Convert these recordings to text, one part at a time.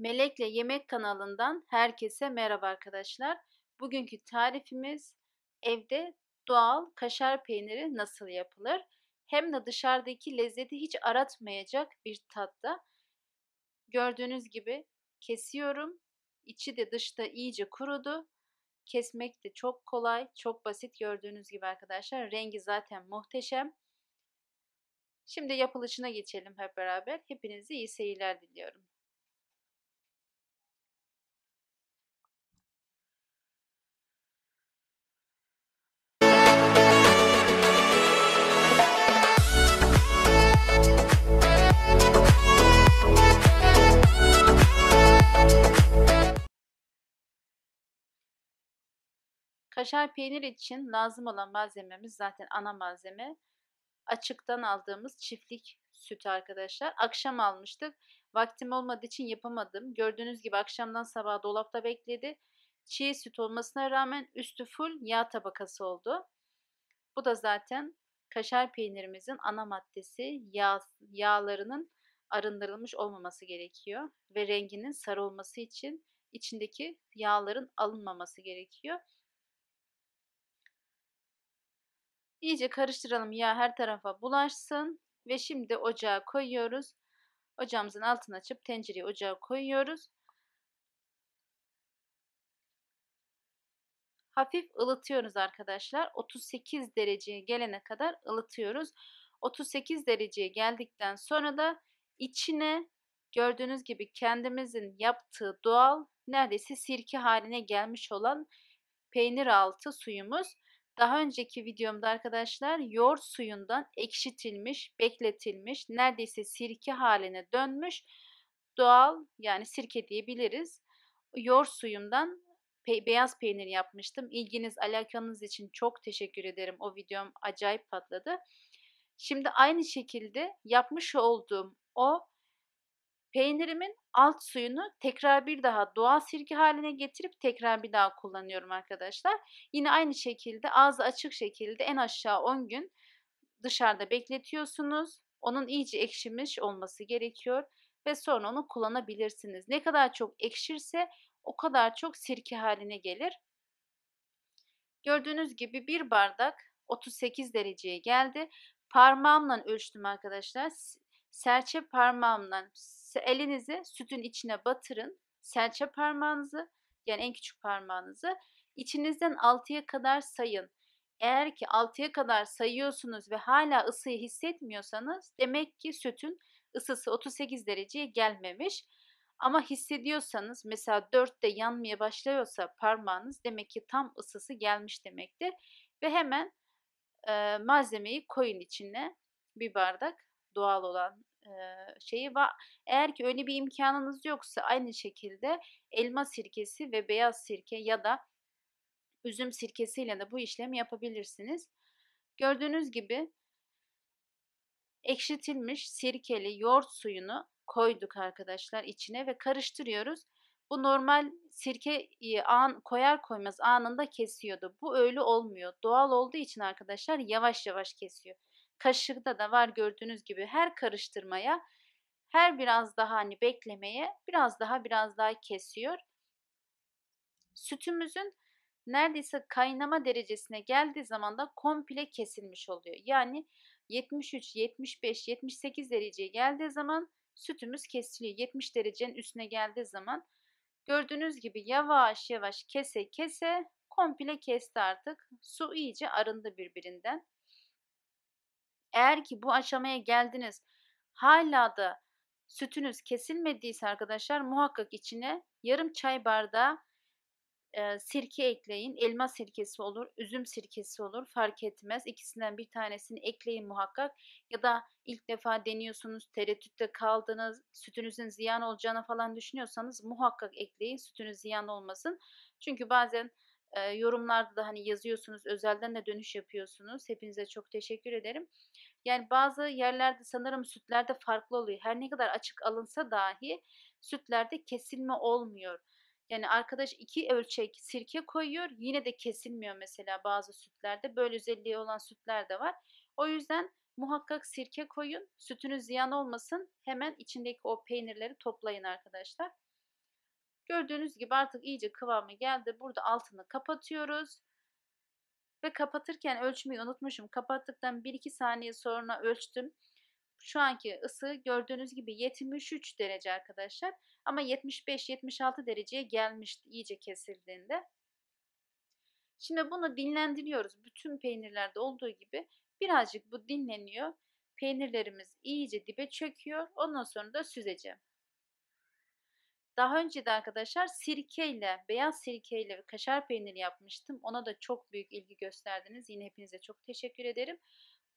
Melekle Yemek kanalından herkese merhaba arkadaşlar. Bugünkü tarifimiz evde doğal kaşar peyniri nasıl yapılır? Hem de dışarıdaki lezzeti hiç aratmayacak bir tatta. Gördüğünüz gibi kesiyorum. İçi de dışta iyice kurudu. Kesmek de çok kolay, çok basit gördüğünüz gibi arkadaşlar. Rengi zaten muhteşem. Şimdi yapılışına geçelim hep beraber. Hepinize iyi seyirler diliyorum. Kaşar peynir için lazım olan malzememiz zaten ana malzeme. Açıktan aldığımız çiftlik sütü arkadaşlar. Akşam almıştık. Vaktim olmadığı için yapamadım. Gördüğünüz gibi akşamdan sabah dolapta bekledi. Çiğ süt olmasına rağmen üstü full yağ tabakası oldu. Bu da zaten kaşar peynirimizin ana maddesi yağ, yağlarının arındırılmış olmaması gerekiyor ve renginin sarı olması için içindeki yağların alınmaması gerekiyor. İyice karıştıralım yağ her tarafa bulaşsın. Ve şimdi ocağa koyuyoruz. Ocağımızın altını açıp tencereyi ocağa koyuyoruz. Hafif ılıtıyoruz arkadaşlar. 38 dereceye gelene kadar ılıtıyoruz. 38 dereceye geldikten sonra da içine gördüğünüz gibi kendimizin yaptığı doğal neredeyse sirke haline gelmiş olan peynir altı suyumuz daha önceki videomda arkadaşlar yoğur suyundan ekşitilmiş, bekletilmiş, neredeyse sirke haline dönmüş doğal yani sirke diyebiliriz. yoğur suyundan pe beyaz peynir yapmıştım. İlginiz, alakanız için çok teşekkür ederim. O videom acayip patladı. Şimdi aynı şekilde yapmış olduğum o Peynirimin alt suyunu tekrar bir daha doğal sirke haline getirip tekrar bir daha kullanıyorum arkadaşlar. Yine aynı şekilde ağzı açık şekilde en aşağı 10 gün dışarıda bekletiyorsunuz. Onun iyice ekşimiş olması gerekiyor ve sonra onu kullanabilirsiniz. Ne kadar çok ekşirse o kadar çok sirke haline gelir. Gördüğünüz gibi bir bardak 38 dereceye geldi. Parmağımla ölçtüm arkadaşlar. Serçe parmağımla elinizi sütün içine batırın. Serçe parmağınızı yani en küçük parmağınızı içinizden 6'ya kadar sayın. Eğer ki 6'ya kadar sayıyorsunuz ve hala ısıyı hissetmiyorsanız demek ki sütün ısısı 38 dereceye gelmemiş. Ama hissediyorsanız mesela 4'te yanmaya başlıyorsa parmağınız demek ki tam ısısı gelmiş demektir. Ve hemen e, malzemeyi koyun içine bir bardak doğal olan şeyi var. Eğer ki öyle bir imkanınız yoksa aynı şekilde elma sirkesi ve beyaz sirke ya da üzüm sirkesiyle de bu işlemi yapabilirsiniz. Gördüğünüz gibi ekşitilmiş sirkeli yoğurt suyunu koyduk arkadaşlar içine ve karıştırıyoruz. Bu normal sirke an koyar koymaz anında kesiyordu. Bu öyle olmuyor. Doğal olduğu için arkadaşlar yavaş yavaş kesiyor. Kaşıkta da var gördüğünüz gibi her karıştırmaya, her biraz daha hani beklemeye biraz daha biraz daha kesiyor. Sütümüzün neredeyse kaynama derecesine geldiği zaman da komple kesilmiş oluyor. Yani 73, 75, 78 dereceye geldiği zaman sütümüz kesiliyor. 70 derecenin üstüne geldiği zaman gördüğünüz gibi yavaş yavaş kese kese komple kesti artık. Su iyice arındı birbirinden. Eğer ki bu aşamaya geldiniz hala da sütünüz kesilmediyse arkadaşlar muhakkak içine yarım çay bardağı e, sirke ekleyin. Elma sirkesi olur, üzüm sirkesi olur fark etmez. İkisinden bir tanesini ekleyin muhakkak. Ya da ilk defa deniyorsunuz, tereddütte kaldınız, sütünüzün ziyan olacağını falan düşünüyorsanız muhakkak ekleyin. Sütünüz ziyan olmasın. Çünkü bazen e, yorumlarda da hani yazıyorsunuz, özelden de dönüş yapıyorsunuz. Hepinize çok teşekkür ederim. Yani bazı yerlerde sanırım sütlerde farklı oluyor. Her ne kadar açık alınsa dahi sütlerde kesilme olmuyor. Yani arkadaş iki ölçek sirke koyuyor yine de kesilmiyor mesela bazı sütlerde. Böyle özelliği olan sütler de var. O yüzden muhakkak sirke koyun. Sütünüz ziyan olmasın. Hemen içindeki o peynirleri toplayın arkadaşlar. Gördüğünüz gibi artık iyice kıvamı geldi. Burada altını kapatıyoruz. Ve kapatırken ölçmeyi unutmuşum. Kapattıktan 1-2 saniye sonra ölçtüm. Şu anki ısı gördüğünüz gibi 73 derece arkadaşlar. Ama 75-76 dereceye gelmişti iyice kesildiğinde. Şimdi bunu dinlendiriyoruz. Bütün peynirlerde olduğu gibi birazcık bu dinleniyor. Peynirlerimiz iyice dibe çöküyor. Ondan sonra da süzeceğim. Daha önce de arkadaşlar sirkeyle, beyaz sirkeyle kaşar peyniri yapmıştım. Ona da çok büyük ilgi gösterdiniz. Yine hepinize çok teşekkür ederim.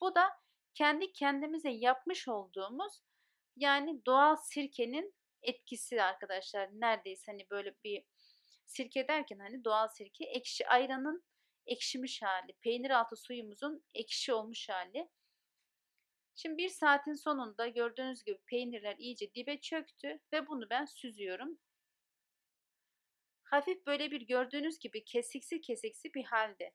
Bu da kendi kendimize yapmış olduğumuz yani doğal sirkenin etkisi arkadaşlar. Neredeyse hani böyle bir sirke derken hani doğal sirke ekşi ayranın ekşimiş hali, peynir altı suyumuzun ekşi olmuş hali. Şimdi bir saatin sonunda gördüğünüz gibi peynirler iyice dibe çöktü ve bunu ben süzüyorum. Hafif böyle bir gördüğünüz gibi kesiksi kesiksi bir halde.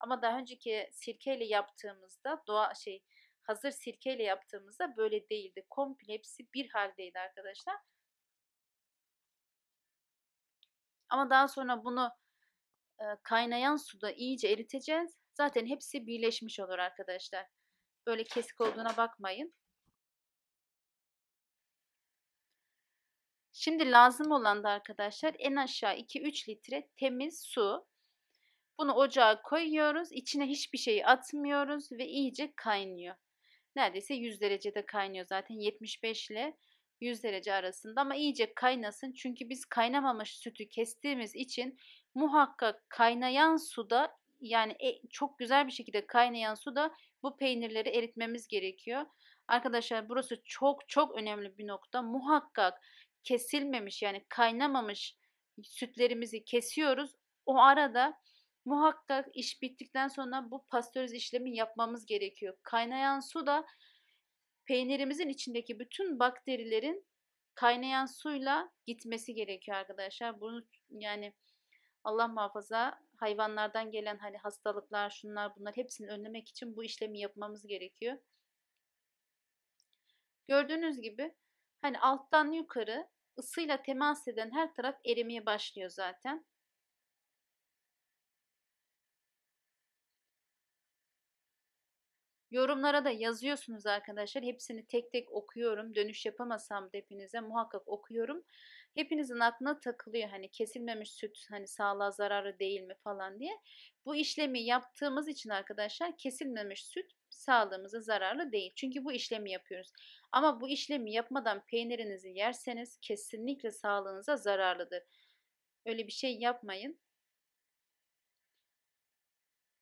Ama daha önceki sirkeyle yaptığımızda doğa şey hazır sirkeyle yaptığımızda böyle değildi. Komple hepsi bir haldeydi arkadaşlar. Ama daha sonra bunu kaynayan suda iyice eriteceğiz. Zaten hepsi birleşmiş olur arkadaşlar böyle kesik olduğuna bakmayın. Şimdi lazım olan da arkadaşlar en aşağı 2-3 litre temiz su. Bunu ocağa koyuyoruz. İçine hiçbir şeyi atmıyoruz ve iyice kaynıyor. Neredeyse 100 derecede kaynıyor zaten 75 ile 100 derece arasında ama iyice kaynasın. Çünkü biz kaynamamış sütü kestiğimiz için muhakkak kaynayan suda yani e, çok güzel bir şekilde kaynayan suda bu peynirleri eritmemiz gerekiyor. Arkadaşlar burası çok çok önemli bir nokta. Muhakkak kesilmemiş yani kaynamamış sütlerimizi kesiyoruz. O arada muhakkak iş bittikten sonra bu pastöriz işlemi yapmamız gerekiyor. Kaynayan su da peynirimizin içindeki bütün bakterilerin kaynayan suyla gitmesi gerekiyor arkadaşlar. Bunu yani Allah muhafaza hayvanlardan gelen hani hastalıklar şunlar bunlar hepsini önlemek için bu işlemi yapmamız gerekiyor. Gördüğünüz gibi hani alttan yukarı ısıyla temas eden her taraf erimeye başlıyor zaten. Yorumlara da yazıyorsunuz arkadaşlar. Hepsini tek tek okuyorum. Dönüş yapamasam da hepinize muhakkak okuyorum hepinizin aklına takılıyor hani kesilmemiş süt hani sağlığa zararı değil mi falan diye. Bu işlemi yaptığımız için arkadaşlar kesilmemiş süt sağlığımıza zararlı değil. Çünkü bu işlemi yapıyoruz. Ama bu işlemi yapmadan peynirinizi yerseniz kesinlikle sağlığınıza zararlıdır. Öyle bir şey yapmayın.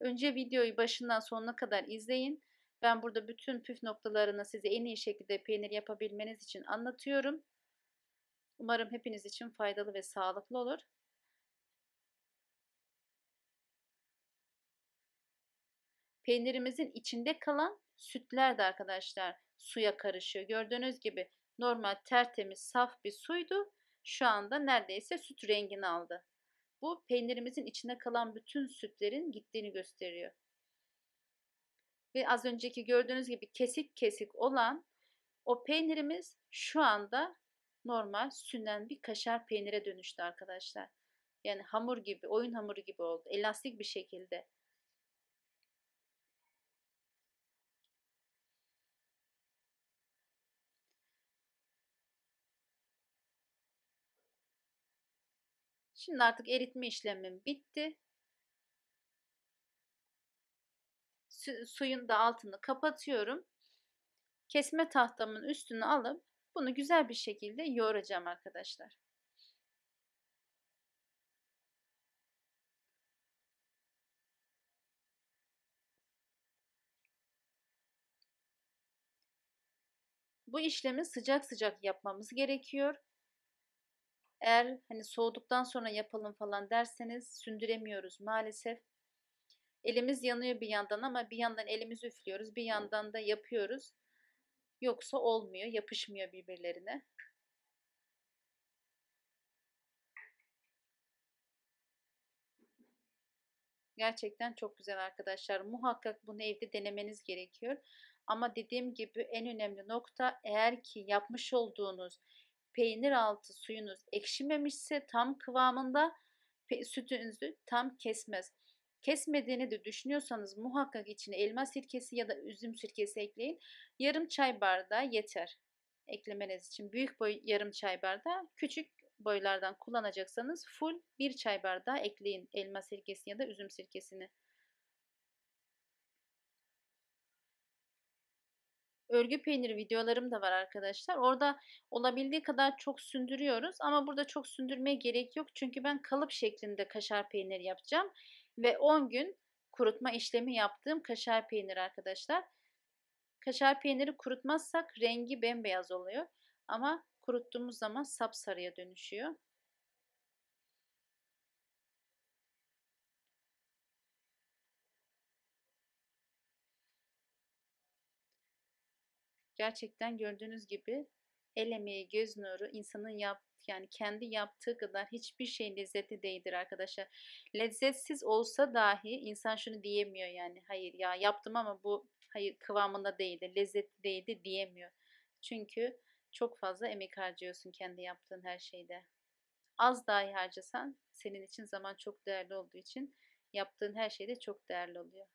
Önce videoyu başından sonuna kadar izleyin. Ben burada bütün püf noktalarını size en iyi şekilde peynir yapabilmeniz için anlatıyorum. Umarım hepiniz için faydalı ve sağlıklı olur. Peynirimizin içinde kalan sütler de arkadaşlar suya karışıyor. Gördüğünüz gibi normal tertemiz saf bir suydu. Şu anda neredeyse süt rengini aldı. Bu peynirimizin içinde kalan bütün sütlerin gittiğini gösteriyor. Ve az önceki gördüğünüz gibi kesik kesik olan o peynirimiz şu anda normal sünen bir kaşar peynire dönüştü arkadaşlar. Yani hamur gibi, oyun hamuru gibi oldu. Elastik bir şekilde. Şimdi artık eritme işlemim bitti. Su, suyun da altını kapatıyorum. Kesme tahtamın üstünü alıp bunu güzel bir şekilde yoğuracağım arkadaşlar. Bu işlemi sıcak sıcak yapmamız gerekiyor. Eğer hani soğuduktan sonra yapalım falan derseniz sündüremiyoruz maalesef. Elimiz yanıyor bir yandan ama bir yandan elimizi üflüyoruz, bir yandan da yapıyoruz. Yoksa olmuyor, yapışmıyor birbirlerine. Gerçekten çok güzel arkadaşlar. Muhakkak bunu evde denemeniz gerekiyor. Ama dediğim gibi en önemli nokta eğer ki yapmış olduğunuz peynir altı suyunuz ekşimemişse tam kıvamında sütünüzü tam kesmez. Kesmediğini de düşünüyorsanız muhakkak içine elma sirkesi ya da üzüm sirkesi ekleyin. Yarım çay bardağı yeter eklemeniz için. Büyük boy yarım çay bardağı, küçük boylardan kullanacaksanız full bir çay bardağı ekleyin elma sirkesini ya da üzüm sirkesini. örgü peyniri videolarım da var arkadaşlar. Orada olabildiği kadar çok sündürüyoruz ama burada çok sündürmeye gerek yok. Çünkü ben kalıp şeklinde kaşar peyniri yapacağım ve 10 gün kurutma işlemi yaptığım kaşar peyniri arkadaşlar. Kaşar peyniri kurutmazsak rengi bembeyaz oluyor ama kuruttuğumuz zaman sapsarıya dönüşüyor. Gerçekten gördüğünüz gibi el emeği, göz nuru, insanın yap, yani kendi yaptığı kadar hiçbir şey lezzetli değildir arkadaşlar. Lezzetsiz olsa dahi insan şunu diyemiyor yani. Hayır ya yaptım ama bu hayır kıvamında değildi, lezzetli değildi diyemiyor. Çünkü çok fazla emek harcıyorsun kendi yaptığın her şeyde. Az dahi harcasan senin için zaman çok değerli olduğu için yaptığın her şeyde çok değerli oluyor.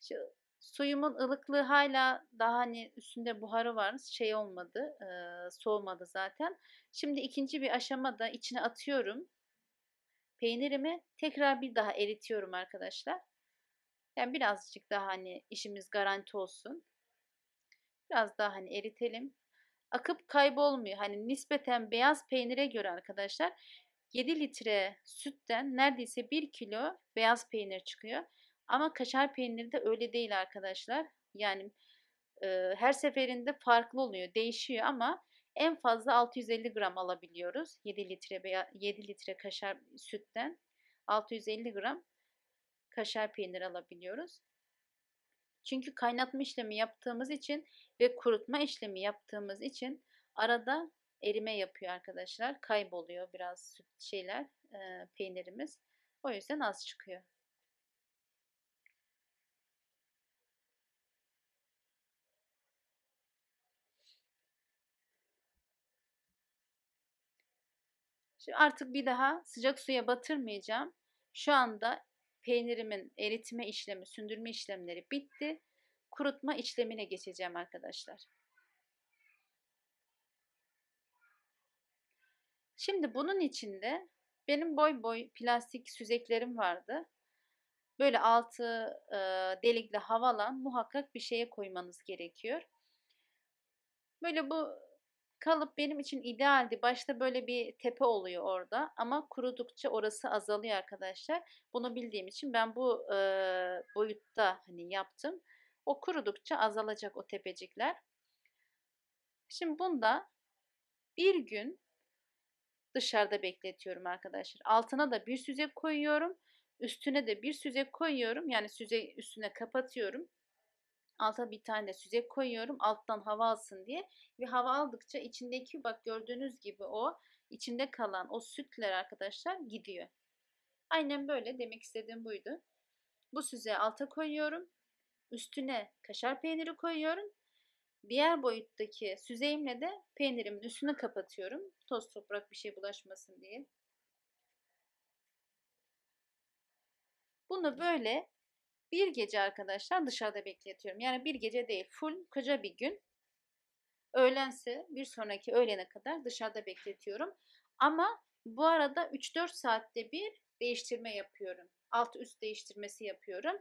Şu Suyumun ılıklığı hala daha hani üstünde buharı var. Şey olmadı, e, soğumadı zaten. Şimdi ikinci bir aşamada içine atıyorum. Peynirimi tekrar bir daha eritiyorum arkadaşlar. Yani birazcık daha hani işimiz garanti olsun. Biraz daha hani eritelim. Akıp kaybolmuyor. Hani nispeten beyaz peynire göre arkadaşlar 7 litre sütten neredeyse 1 kilo beyaz peynir çıkıyor. Ama kaşar peyniri de öyle değil arkadaşlar. Yani e, her seferinde farklı oluyor, değişiyor ama en fazla 650 gram alabiliyoruz. 7 litre 7 litre kaşar sütten 650 gram kaşar peynir alabiliyoruz. Çünkü kaynatma işlemi yaptığımız için ve kurutma işlemi yaptığımız için arada erime yapıyor arkadaşlar. Kayboluyor biraz süt şeyler, e, peynirimiz. O yüzden az çıkıyor. Şimdi artık bir daha sıcak suya batırmayacağım. Şu anda peynirimin eritme işlemi, sündürme işlemleri bitti. Kurutma işlemine geçeceğim arkadaşlar. Şimdi bunun içinde benim boy boy plastik süzeklerim vardı. Böyle altı e, delikli havalan muhakkak bir şeye koymanız gerekiyor. Böyle bu Kalıp benim için idealdi. Başta böyle bir tepe oluyor orada ama kurudukça orası azalıyor arkadaşlar. Bunu bildiğim için ben bu e, boyutta hani yaptım. O kurudukça azalacak o tepecikler. Şimdi bunda bir gün dışarıda bekletiyorum arkadaşlar. Altına da bir süzek koyuyorum. Üstüne de bir süzek koyuyorum. Yani süzeyi üstüne kapatıyorum. Alta bir tane de süzek koyuyorum alttan hava alsın diye. Ve hava aldıkça içindeki bak gördüğünüz gibi o içinde kalan o sütler arkadaşlar gidiyor. Aynen böyle demek istediğim buydu. Bu süzeyi alta koyuyorum. Üstüne kaşar peyniri koyuyorum. Diğer boyuttaki süzeyimle de peynirimin üstünü kapatıyorum. Toz toprak bir şey bulaşmasın diye. Bunu böyle bir gece arkadaşlar dışarıda bekletiyorum. Yani bir gece değil full koca bir gün. Öğlense bir sonraki öğlene kadar dışarıda bekletiyorum. Ama bu arada 3-4 saatte bir değiştirme yapıyorum. Alt üst değiştirmesi yapıyorum.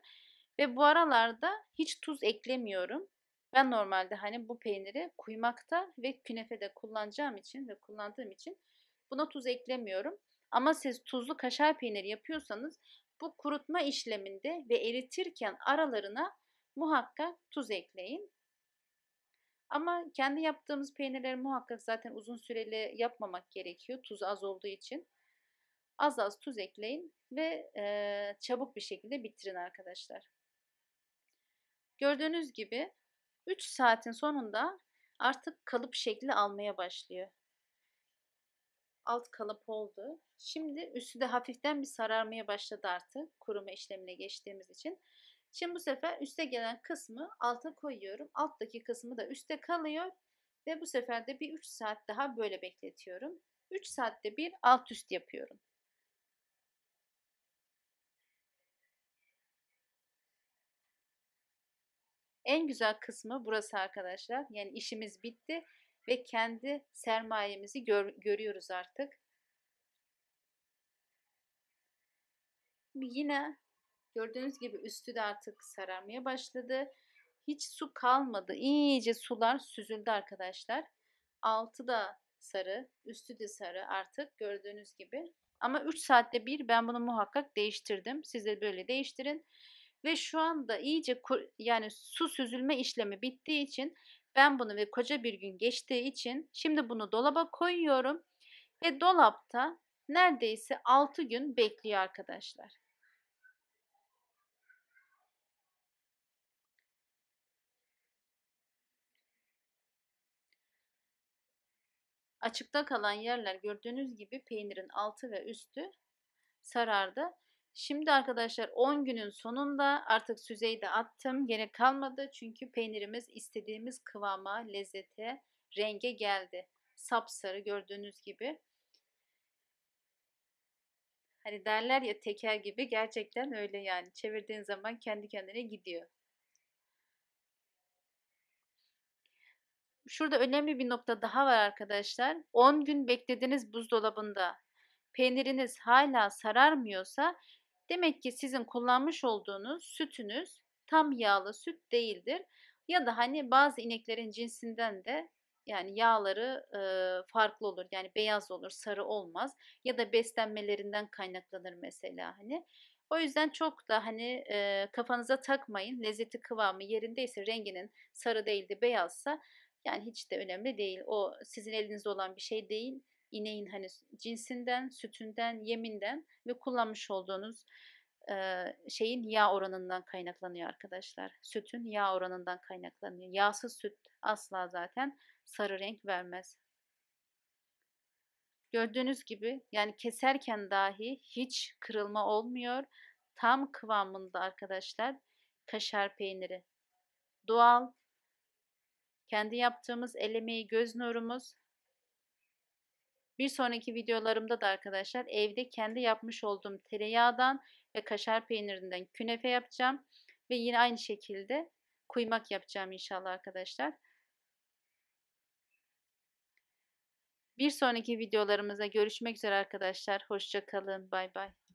Ve bu aralarda hiç tuz eklemiyorum. Ben normalde hani bu peyniri kuymakta ve künefede kullanacağım için ve kullandığım için buna tuz eklemiyorum. Ama siz tuzlu kaşar peyniri yapıyorsanız bu kurutma işleminde ve eritirken aralarına muhakkak tuz ekleyin. Ama kendi yaptığımız peynirleri muhakkak zaten uzun süreli yapmamak gerekiyor. Tuz az olduğu için. Az az tuz ekleyin ve e, çabuk bir şekilde bitirin arkadaşlar. Gördüğünüz gibi 3 saatin sonunda artık kalıp şekli almaya başlıyor alt kalıp oldu. Şimdi üstü de hafiften bir sararmaya başladı artık kuruma işlemine geçtiğimiz için. Şimdi bu sefer üste gelen kısmı alta koyuyorum. Alttaki kısmı da üste kalıyor. Ve bu sefer de bir 3 saat daha böyle bekletiyorum. 3 saatte bir alt üst yapıyorum. En güzel kısmı burası arkadaşlar. Yani işimiz bitti ve kendi sermayemizi gör, görüyoruz artık. Yine gördüğünüz gibi üstü de artık sararmaya başladı. Hiç su kalmadı. İyice sular süzüldü arkadaşlar. Altı da sarı, üstü de sarı artık gördüğünüz gibi. Ama 3 saatte bir ben bunu muhakkak değiştirdim. Siz de böyle değiştirin. Ve şu anda iyice yani su süzülme işlemi bittiği için ben bunu ve koca bir gün geçtiği için şimdi bunu dolaba koyuyorum ve dolapta neredeyse 6 gün bekliyor arkadaşlar. Açıkta kalan yerler gördüğünüz gibi peynirin altı ve üstü sarardı. Şimdi arkadaşlar 10 günün sonunda artık süzeyi de attım. Gerek kalmadı çünkü peynirimiz istediğimiz kıvama, lezzete, renge geldi. Sapsarı gördüğünüz gibi. Hani derler ya teker gibi gerçekten öyle yani. Çevirdiğin zaman kendi kendine gidiyor. Şurada önemli bir nokta daha var arkadaşlar. 10 gün beklediğiniz buzdolabında. Peyniriniz hala sararmıyorsa Demek ki sizin kullanmış olduğunuz sütünüz tam yağlı süt değildir. Ya da hani bazı ineklerin cinsinden de yani yağları e, farklı olur. Yani beyaz olur, sarı olmaz. Ya da beslenmelerinden kaynaklanır mesela hani. O yüzden çok da hani e, kafanıza takmayın. Lezzeti kıvamı yerindeyse renginin sarı değildi beyazsa yani hiç de önemli değil. O sizin elinizde olan bir şey değil ineğin hani cinsinden, sütünden, yeminden ve kullanmış olduğunuz e, şeyin yağ oranından kaynaklanıyor arkadaşlar. Sütün yağ oranından kaynaklanıyor. Yağsız süt asla zaten sarı renk vermez. Gördüğünüz gibi yani keserken dahi hiç kırılma olmuyor. Tam kıvamında arkadaşlar kaşar peyniri. Doğal, kendi yaptığımız elemeyi göz nurumuz bir sonraki videolarımda da arkadaşlar evde kendi yapmış olduğum tereyağdan ve kaşar peynirinden künefe yapacağım. Ve yine aynı şekilde kuymak yapacağım inşallah arkadaşlar. Bir sonraki videolarımızda görüşmek üzere arkadaşlar. Hoşçakalın. Bay bay.